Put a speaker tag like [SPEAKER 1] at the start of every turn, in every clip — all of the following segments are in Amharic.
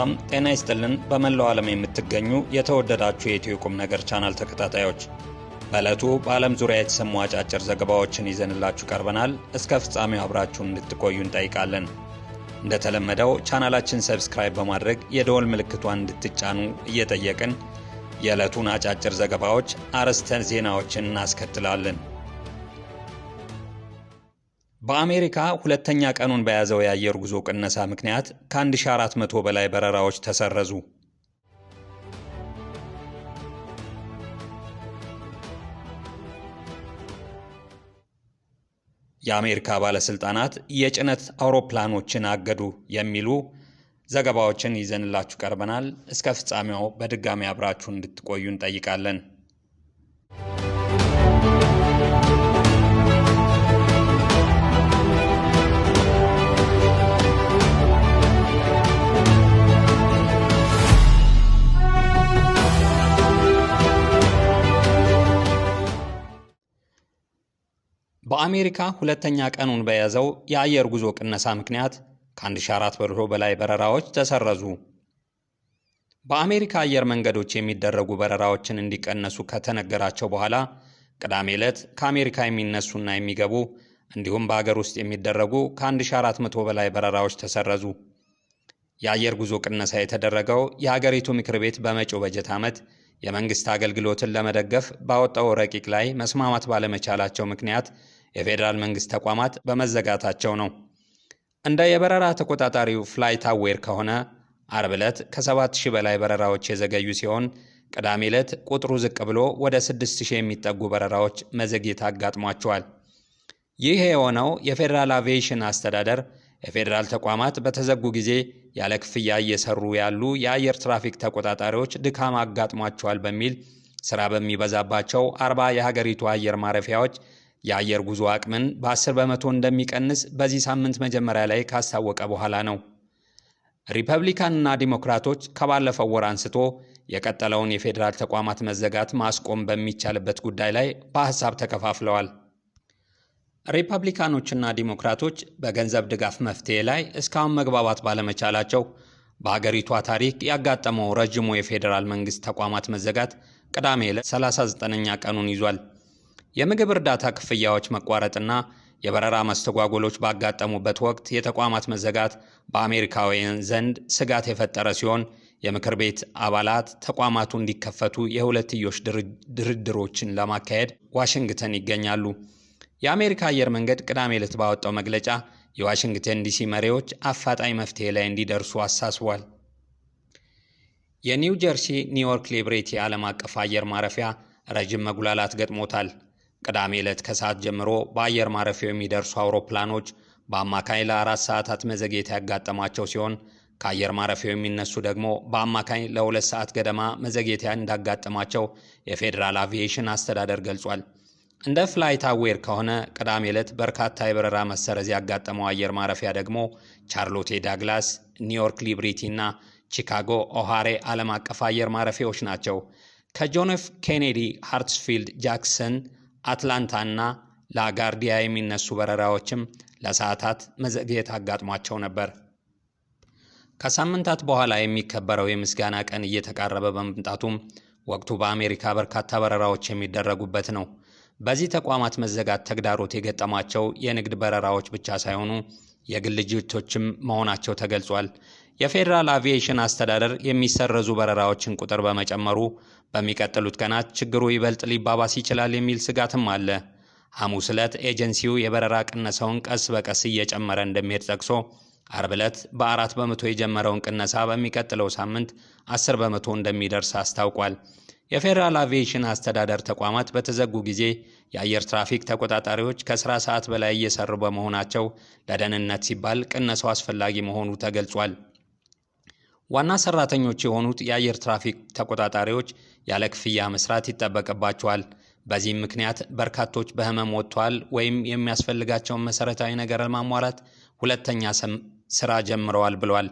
[SPEAKER 1] ሰላም ጤና ይስጥልን። በመላው ዓለም የምትገኙ የተወደዳችሁ የኢትዮ ቁም ነገር ቻናል ተከታታዮች በዕለቱ በዓለም ዙሪያ የተሰሙ አጫጭር ዘገባዎችን ይዘንላችሁ ቀርበናል። እስከ ፍጻሜው አብራችሁን እንድትቆዩ እንጠይቃለን። እንደተለመደው ቻናላችን ሰብስክራይብ በማድረግ የደወል ምልክቷን እንድትጫኑ እየጠየቅን የዕለቱን አጫጭር ዘገባዎች አርዕስተ ዜናዎችን እናስከትላለን። በአሜሪካ ሁለተኛ ቀኑን በያዘው የአየር ጉዞ ቅነሳ ምክንያት ከ1400 በላይ በረራዎች ተሰረዙ። የአሜሪካ ባለስልጣናት የጭነት አውሮፕላኖችን አገዱ የሚሉ ዘገባዎችን ይዘንላችሁ ቀርበናል። እስከ ፍጻሜው በድጋሚ አብራችሁ እንድትቆዩ እንጠይቃለን። በአሜሪካ ሁለተኛ ቀኑን በያዘው የአየር ጉዞ ቅነሳ ምክንያት ከ1400 በላይ በረራዎች ተሰረዙ። በአሜሪካ አየር መንገዶች የሚደረጉ በረራዎችን እንዲቀነሱ ከተነገራቸው በኋላ ቅዳሜ ዕለት ከአሜሪካ የሚነሱና የሚገቡ እንዲሁም በአገር ውስጥ የሚደረጉ ከ1400 በላይ በረራዎች ተሰረዙ። የአየር ጉዞ ቅነሳ የተደረገው የአገሪቱ ምክር ቤት በመጪው በጀት ዓመት የመንግሥት አገልግሎትን ለመደገፍ ባወጣው ረቂቅ ላይ መስማማት ባለመቻላቸው ምክንያት የፌዴራል መንግስት ተቋማት በመዘጋታቸው ነው። እንደ የበረራ ተቆጣጣሪው ፍላይት አዌር ከሆነ አርብ ዕለት ከ7000 በላይ በረራዎች የዘገዩ ሲሆን ቅዳሜ ዕለት ቁጥሩ ዝቅ ብሎ ወደ 6000 የሚጠጉ በረራዎች መዘግየት አጋጥሟቸዋል። ይህ የሆነው የፌዴራል አቪዬሽን አስተዳደር የፌዴራል ተቋማት በተዘጉ ጊዜ ያለ ክፍያ እየሰሩ ያሉ የአየር ትራፊክ ተቆጣጣሪዎች ድካም አጋጥሟቸዋል በሚል ስራ በሚበዛባቸው አርባ የሀገሪቱ አየር ማረፊያዎች የአየር ጉዞ አቅምን በ10 በመቶ እንደሚቀንስ በዚህ ሳምንት መጀመሪያ ላይ ካስታወቀ በኋላ ነው። ሪፐብሊካንና ዲሞክራቶች ከባለፈው ወር አንስቶ የቀጠለውን የፌዴራል ተቋማት መዘጋት ማስቆም በሚቻልበት ጉዳይ ላይ በሐሳብ ተከፋፍለዋል። ሪፐብሊካኖችና ዲሞክራቶች በገንዘብ ድጋፍ መፍትሔ ላይ እስካሁን መግባባት ባለመቻላቸው በአገሪቷ ታሪክ ያጋጠመው ረዥሙ የፌዴራል መንግሥት ተቋማት መዘጋት ቅዳሜ ዕለት 39ኛ ቀኑን ይዟል። የምግብ እርዳታ ክፍያዎች መቋረጥና የበረራ መስተጓጎሎች ባጋጠሙበት ወቅት የተቋማት መዘጋት በአሜሪካውያን ዘንድ ስጋት የፈጠረ ሲሆን የምክር ቤት አባላት ተቋማቱ እንዲከፈቱ የሁለትዮሽ ድርድሮችን ለማካሄድ ዋሽንግተን ይገኛሉ። የአሜሪካ አየር መንገድ ቅዳሜ ዕለት ባወጣው መግለጫ የዋሽንግተን ዲሲ መሪዎች አፋጣኝ መፍትሄ ላይ እንዲደርሱ አሳስቧል። የኒው ጀርሲ ኒውዮርክ ሊብሬቲ ዓለም አቀፍ አየር ማረፊያ ረጅም መጉላላት ገጥሞታል። ቅዳሜ ዕለት ከሰዓት ጀምሮ በአየር ማረፊያው የሚደርሱ አውሮፕላኖች በአማካኝ ለአራት ሰዓታት መዘግየት ያጋጠማቸው ሲሆን ከአየር ማረፊያው የሚነሱ ደግሞ በአማካኝ ለሁለት ሰዓት ገደማ መዘግየት እንዳጋጠማቸው የፌዴራል አቪዬሽን አስተዳደር ገልጿል። እንደ ፍላይት አዌር ከሆነ ቅዳሜ ዕለት በርካታ የበረራ መሰረዝ ያጋጠመው አየር ማረፊያ ደግሞ ቻርሎቴ ዳግላስ፣ ኒውዮርክ ሊብሪቲ እና ቺካጎ ኦሃሬ ዓለም አቀፍ አየር ማረፊያዎች ናቸው። ከጆን ኤፍ ኬኔዲ ሃርትስፊልድ ጃክሰን አትላንታና ላጋርዲያ የሚነሱ በረራዎችም ለሰዓታት መዘግየት አጋጥሟቸው ነበር። ከሳምንታት በኋላ የሚከበረው የምስጋና ቀን እየተቃረበ በመምጣቱም ወቅቱ በአሜሪካ በርካታ በረራዎች የሚደረጉበት ነው። በዚህ ተቋማት መዘጋት ተግዳሮት የገጠማቸው የንግድ በረራዎች ብቻ ሳይሆኑ የግል ጅቶችም መሆናቸው ተገልጿል። የፌዴራል አቪዬሽን አስተዳደር የሚሰረዙ በረራዎችን ቁጥር በመጨመሩ በሚቀጥሉት ቀናት ችግሩ ይበልጥ ሊባባስ ይችላል የሚል ስጋትም አለ። ሐሙስ ዕለት ኤጀንሲው የበረራ ቅነሳውን ቀስ በቀስ እየጨመረ እንደሚሄድ ጠቅሶ አርብ ዕለት በአራት በመቶ የጀመረውን ቅነሳ በሚቀጥለው ሳምንት አስር በመቶ እንደሚደርስ አስታውቋል። የፌዴራል አቪዬሽን አስተዳደር ተቋማት በተዘጉ ጊዜ የአየር ትራፊክ ተቆጣጣሪዎች ከስራ ሰዓት በላይ እየሰሩ በመሆናቸው ለደህንነት ሲባል ቅነሳው አስፈላጊ መሆኑ ተገልጿል። ዋና ሰራተኞች የሆኑት የአየር ትራፊክ ተቆጣጣሪዎች ያለ ክፍያ መስራት ይጠበቅባቸዋል። በዚህም ምክንያት በርካቶች በህመም ወጥተዋል ወይም የሚያስፈልጋቸውን መሰረታዊ ነገር ለማሟላት ሁለተኛ ስራ ጀምረዋል ብሏል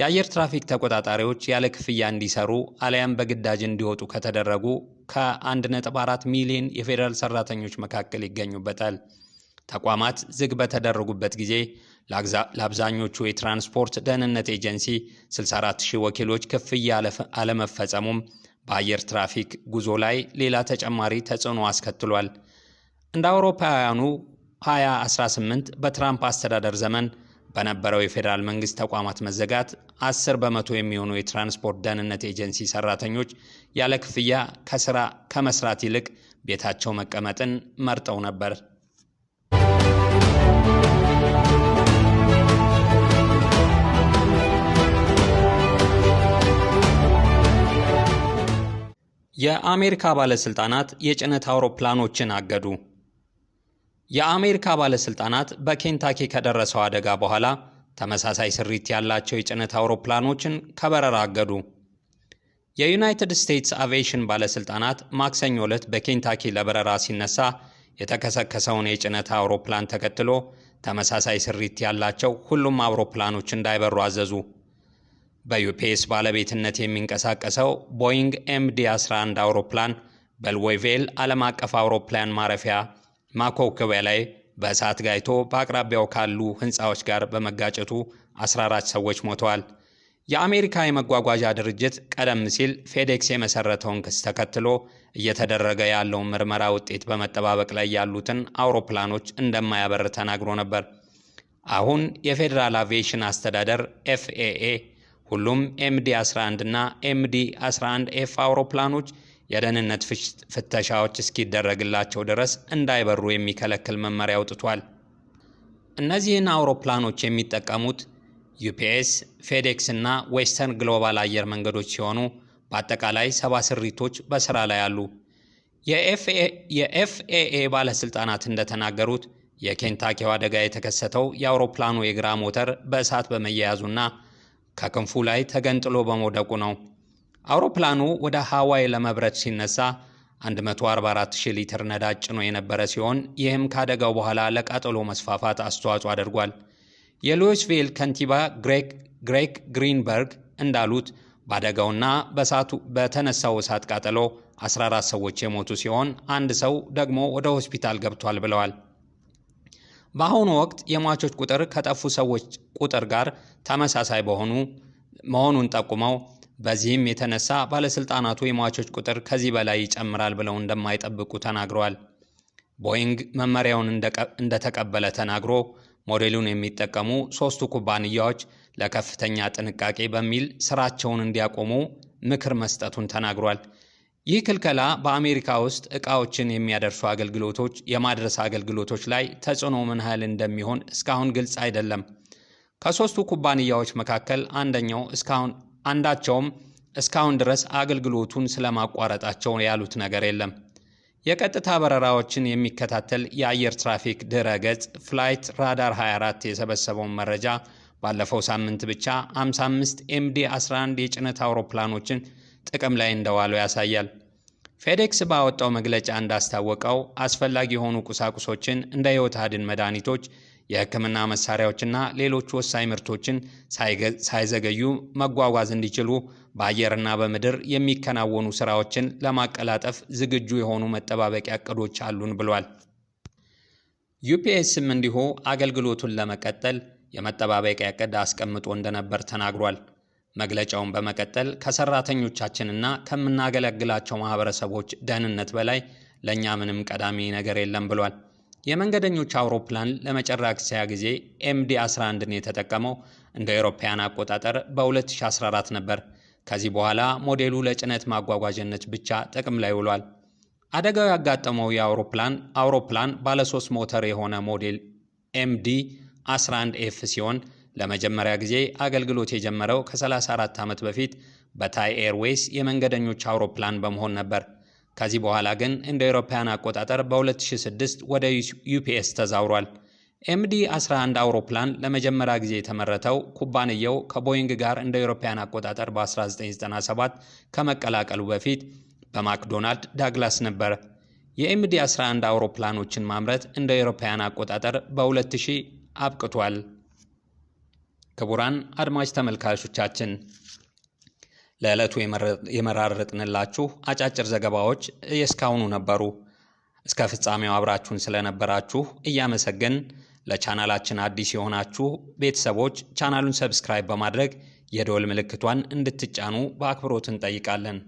[SPEAKER 1] የአየር ትራፊክ ተቆጣጣሪዎች ያለ ክፍያ እንዲሰሩ አሊያም በግዳጅ እንዲወጡ ከተደረጉ ከ1.4 ሚሊዮን የፌዴራል ሰራተኞች መካከል ይገኙበታል። ተቋማት ዝግ በተደረጉበት ጊዜ ለአብዛኞቹ የትራንስፖርት ደህንነት ኤጀንሲ 64 ሺህ ወኪሎች ክፍያ አለመፈጸሙም በአየር ትራፊክ ጉዞ ላይ ሌላ ተጨማሪ ተጽዕኖ አስከትሏል። እንደ አውሮፓውያኑ 2018 በትራምፕ አስተዳደር ዘመን በነበረው የፌዴራል መንግስት ተቋማት መዘጋት 10 በመቶ የሚሆኑ የትራንስፖርት ደህንነት ኤጀንሲ ሰራተኞች ያለ ክፍያ ከስራ ከመስራት ይልቅ ቤታቸው መቀመጥን መርጠው ነበር። የአሜሪካ ባለስልጣናት የጭነት አውሮፕላኖችን አገዱ። የአሜሪካ ባለስልጣናት በኬንታኪ ከደረሰው አደጋ በኋላ ተመሳሳይ ስሪት ያላቸው የጭነት አውሮፕላኖችን ከበረራ አገዱ። የዩናይትድ ስቴትስ አቪዬሽን ባለስልጣናት ማክሰኞ ዕለት በኬንታኪ ለበረራ ሲነሳ የተከሰከሰውን የጭነት አውሮፕላን ተከትሎ ተመሳሳይ ስሪት ያላቸው ሁሉም አውሮፕላኖች እንዳይበሩ አዘዙ። በዩፒኤስ ባለቤትነት የሚንቀሳቀሰው ቦይንግ ኤምዲ 11 አውሮፕላን በልዌቬል ዓለም አቀፍ አውሮፕላን ማረፊያ ማኮኮቢያ ላይ በእሳት ጋይቶ በአቅራቢያው ካሉ ሕንፃዎች ጋር በመጋጨቱ 14 ሰዎች ሞተዋል። የአሜሪካ የመጓጓዣ ድርጅት ቀደም ሲል ፌዴክስ የመሰረተውን ክስ ተከትሎ እየተደረገ ያለውን ምርመራ ውጤት በመጠባበቅ ላይ ያሉትን አውሮፕላኖች እንደማያበር ተናግሮ ነበር። አሁን የፌዴራል አቪዬሽን አስተዳደር ኤፍኤኤ ሁሉም ኤምዲ 11 እና ኤምዲ 11 ኤፍ አውሮፕላኖች የደህንነት ፍተሻዎች እስኪደረግላቸው ድረስ እንዳይበሩ የሚከለክል መመሪያ አውጥቷል። እነዚህን አውሮፕላኖች የሚጠቀሙት ዩፒኤስ፣ ፌዴክስ እና ዌስተርን ግሎባል አየር መንገዶች ሲሆኑ በአጠቃላይ ሰባ ስሪቶች በስራ ላይ አሉ። የኤፍኤኤ ባለስልጣናት እንደተናገሩት የኬንታኪው አደጋ የተከሰተው የአውሮፕላኑ የግራ ሞተር በእሳት በመያያዙና ከክንፉ ላይ ተገንጥሎ በመውደቁ ነው። አውሮፕላኑ ወደ ሃዋይ ለመብረት ሲነሳ 144000 ሊትር ነዳጅ ጭኖ የነበረ ሲሆን ይህም ካደጋው በኋላ ለቃጠሎ መስፋፋት አስተዋጽኦ አድርጓል። የሉዊስቪል ከንቲባ ግሬግ ግሪንበርግ እንዳሉት በአደጋውና በሳቱ በተነሳው እሳት ቃጠሎ 14 ሰዎች የሞቱ ሲሆን አንድ ሰው ደግሞ ወደ ሆስፒታል ገብቷል ብለዋል። በአሁኑ ወቅት የሟቾች ቁጥር ከጠፉ ሰዎች ቁጥር ጋር ተመሳሳይ በሆኑ መሆኑን ጠቁመው በዚህም የተነሳ ባለሥልጣናቱ የሟቾች ቁጥር ከዚህ በላይ ይጨምራል ብለው እንደማይጠብቁ ተናግረዋል። ቦይንግ መመሪያውን እንደተቀበለ ተናግሮ ሞዴሉን የሚጠቀሙ ሦስቱ ኩባንያዎች ለከፍተኛ ጥንቃቄ በሚል ሥራቸውን እንዲያቆሙ ምክር መስጠቱን ተናግሯል። ይህ ክልከላ በአሜሪካ ውስጥ እቃዎችን የሚያደርሱ አገልግሎቶች የማድረስ አገልግሎቶች ላይ ተጽዕኖ ምን ያህል እንደሚሆን እስካሁን ግልጽ አይደለም። ከሦስቱ ኩባንያዎች መካከል አንደኛው እስካሁን አንዳቸውም እስካሁን ድረስ አገልግሎቱን ስለማቋረጣቸው ያሉት ነገር የለም። የቀጥታ በረራዎችን የሚከታተል የአየር ትራፊክ ድረ ገጽ ፍላይት ራዳር 24 የሰበሰበውን መረጃ ባለፈው ሳምንት ብቻ 55 ኤምዲ 11 የጭነት አውሮፕላኖችን ጥቅም ላይ እንደዋለው ያሳያል። ፌዴክስ ባወጣው መግለጫ እንዳስታወቀው አስፈላጊ የሆኑ ቁሳቁሶችን እንደ ሕይወት አድን መድኃኒቶች፣ የሕክምና መሳሪያዎችና ሌሎች ወሳኝ ምርቶችን ሳይዘገዩ መጓጓዝ እንዲችሉ በአየርና በምድር የሚከናወኑ ስራዎችን ለማቀላጠፍ ዝግጁ የሆኑ መጠባበቂያ እቅዶች አሉን ብሏል። ዩፒኤስም እንዲሁ አገልግሎቱን ለመቀጠል የመጠባበቂያ እቅድ አስቀምጦ እንደነበር ተናግሯል። መግለጫውን በመቀጠል ከሰራተኞቻችንና ከምናገለግላቸው ማህበረሰቦች ደህንነት በላይ ለእኛ ምንም ቀዳሚ ነገር የለም ብሏል። የመንገደኞች አውሮፕላን ለመጨረሻ ጊዜ ኤምዲ 11ን የተጠቀመው እንደ ኤሮፓያን አቆጣጠር በ2014 ነበር። ከዚህ በኋላ ሞዴሉ ለጭነት ማጓጓዣነት ብቻ ጥቅም ላይ ውሏል። አደጋው ያጋጠመው የአውሮፕላን አውሮፕላን ባለሶስት ሞተር የሆነ ሞዴል ኤምዲ 11 ኤፍ ሲሆን ለመጀመሪያ ጊዜ አገልግሎት የጀመረው ከ34 ዓመት በፊት በታይ ኤርዌይስ የመንገደኞች አውሮፕላን በመሆን ነበር። ከዚህ በኋላ ግን እንደ አውሮፓውያን አቆጣጠር በ2006 ወደ ዩፒኤስ ተዛውሯል። ኤምዲ 11 አውሮፕላን ለመጀመሪያ ጊዜ የተመረተው ኩባንያው ከቦይንግ ጋር እንደ አውሮፓውያን አቆጣጠር በ1997 ከመቀላቀሉ በፊት በማክዶናልድ ዳግላስ ነበር። የኤምዲ 11 አውሮፕላኖችን ማምረት እንደ አውሮፓውያን አቆጣጠር በ2000 አብቅቷል። ክቡራን አድማጭ ተመልካቾቻችን ለዕለቱ የመራረጥንላችሁ አጫጭር ዘገባዎች የእስካሁኑ ነበሩ። እስከ ፍጻሜው አብራችሁን ስለነበራችሁ እያመሰገን ለቻናላችን አዲስ የሆናችሁ ቤተሰቦች ቻናሉን ሰብስክራይብ በማድረግ የደወል ምልክቷን እንድትጫኑ በአክብሮት እንጠይቃለን።